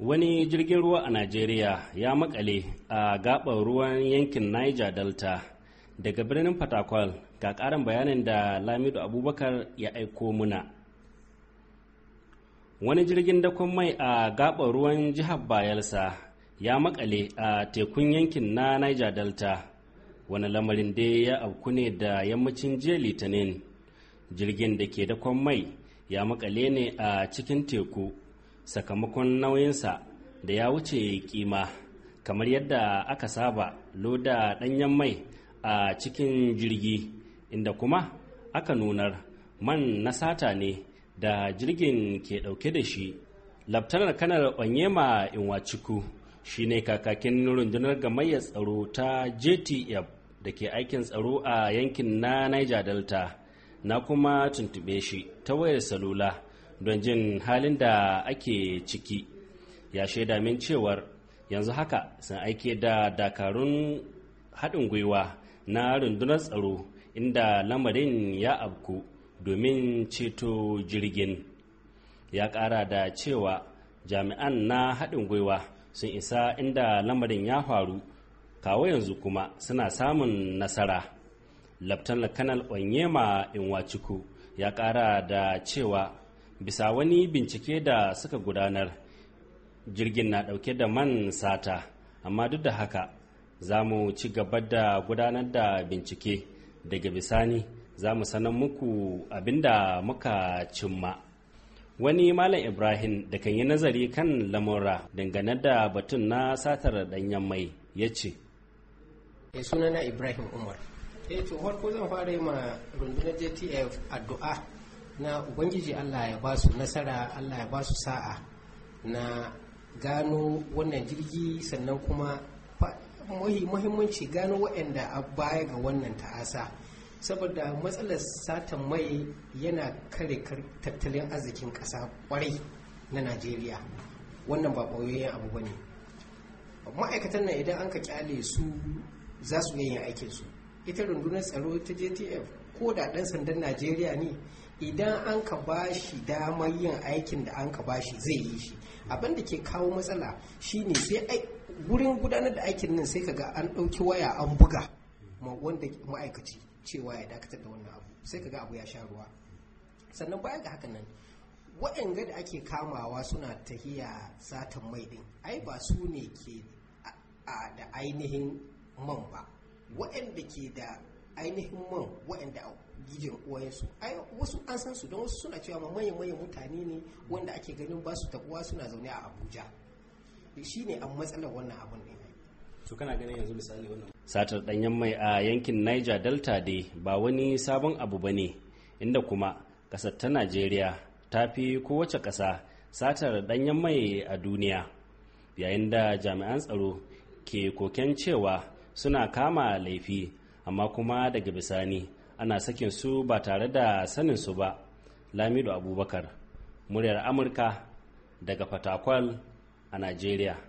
wani jirgin ruwa a najeriya ya makale a gabar ruwan yankin niger delta daga birnin fatakwal ga karin bayanin da Lamidu abubakar ya aiko muna wani jirgin dakon mai a gabar ruwan jihar bayelsa ya makale a tekun yankin na niger delta wani lamarin da ya auku ne da yammacin jiya litinin jirgin da ke dakon mai ya makale ne a cikin teku sakamakon nauyinsa da ya wuce kima kamar yadda aka saba loda ɗanyen mai a cikin jirgi inda kuma aka nunar man na sata ne da jirgin ke ɗauke da shi laftanar kanar onyema inwachiku shi ne kakakin rundunar gamayyar tsaro ta jtf da ke aikin tsaro a yankin na niger delta na kuma tuntube shi ta wayar salula don jin halin da ake ciki ya shaida min cewar yanzu haka sun aike da dakarun haɗin gwiwa na rundunar tsaro inda lamarin ya abku domin ceto jirgin ya ƙara da cewa jami'an na haɗin gwiwa sun isa inda lamarin ya faru kawo yanzu kuma suna samun nasara laftan kanal onyema inwachuku ya ƙara da cewa bisa wani bincike da suka gudanar jirgin na ɗauke da man sata amma duk da haka za mu ci gaba da gudanar da bincike daga bisani za mu sanar muku abinda muka cimma wani malam ibrahim da kan yi nazari kan lamura dangane da batun na satar danyen mai ya ce ya eh, sunana ibrahim umar ya eh, ce farko zan fara yi ma rundunar jtf addu'a na ubangiji allah ya ba su nasara allah ya ba su sa'a na gano wannan jirgi sannan kuma muhimmanci gano waɗanda a baya ga wannan ta'asa saboda matsalar satan mai yana kare tattalin arzikin ƙasa kwarai na najeriya wannan ba ɓoyoyin abu ba ne ma'aikatan nan idan an ka kyale su za su yin aikinsu ita rundunar tsaro ta jtf ko da ɗan sandan najeriya ne idan an ka ba shi damar yin aikin da an ka ba shi zai yi shi abin da ke kawo matsala shine sai wurin gudanar da aikin nan sai kaga an ɗauki waya an buga wanda ma'aikaci cewa ya dakatar da wannan abu sai kaga abu ya sha ruwa sannan baya ga haka nan waɗanda da ake kamawa suna tahiya satan mai ɗin ai ba su ne ke da ainihin man ba waɗanda ke da ainihin man waɗanda a gijin su ai wasu an san su don wasu suna cewa ma manyan manyan mutane ne wanda ake ganin ba su tabuwa suna zaune a abuja eh, shi ne a matsalar wannan abun ne to kana ganin yanzu misali wannan satar danyen mai a yankin niger delta dai ba wani sabon abu ba ne inda kuma ƙasar ta najeriya ta fi kowace ƙasa satar ɗanyen mai a duniya yayin da jami'an tsaro ke koken cewa suna kama laifi amma kuma daga bisani ana sakin su ba tare da sanin su ba lamido abubakar muryar amurka daga fatakwal a nigeria.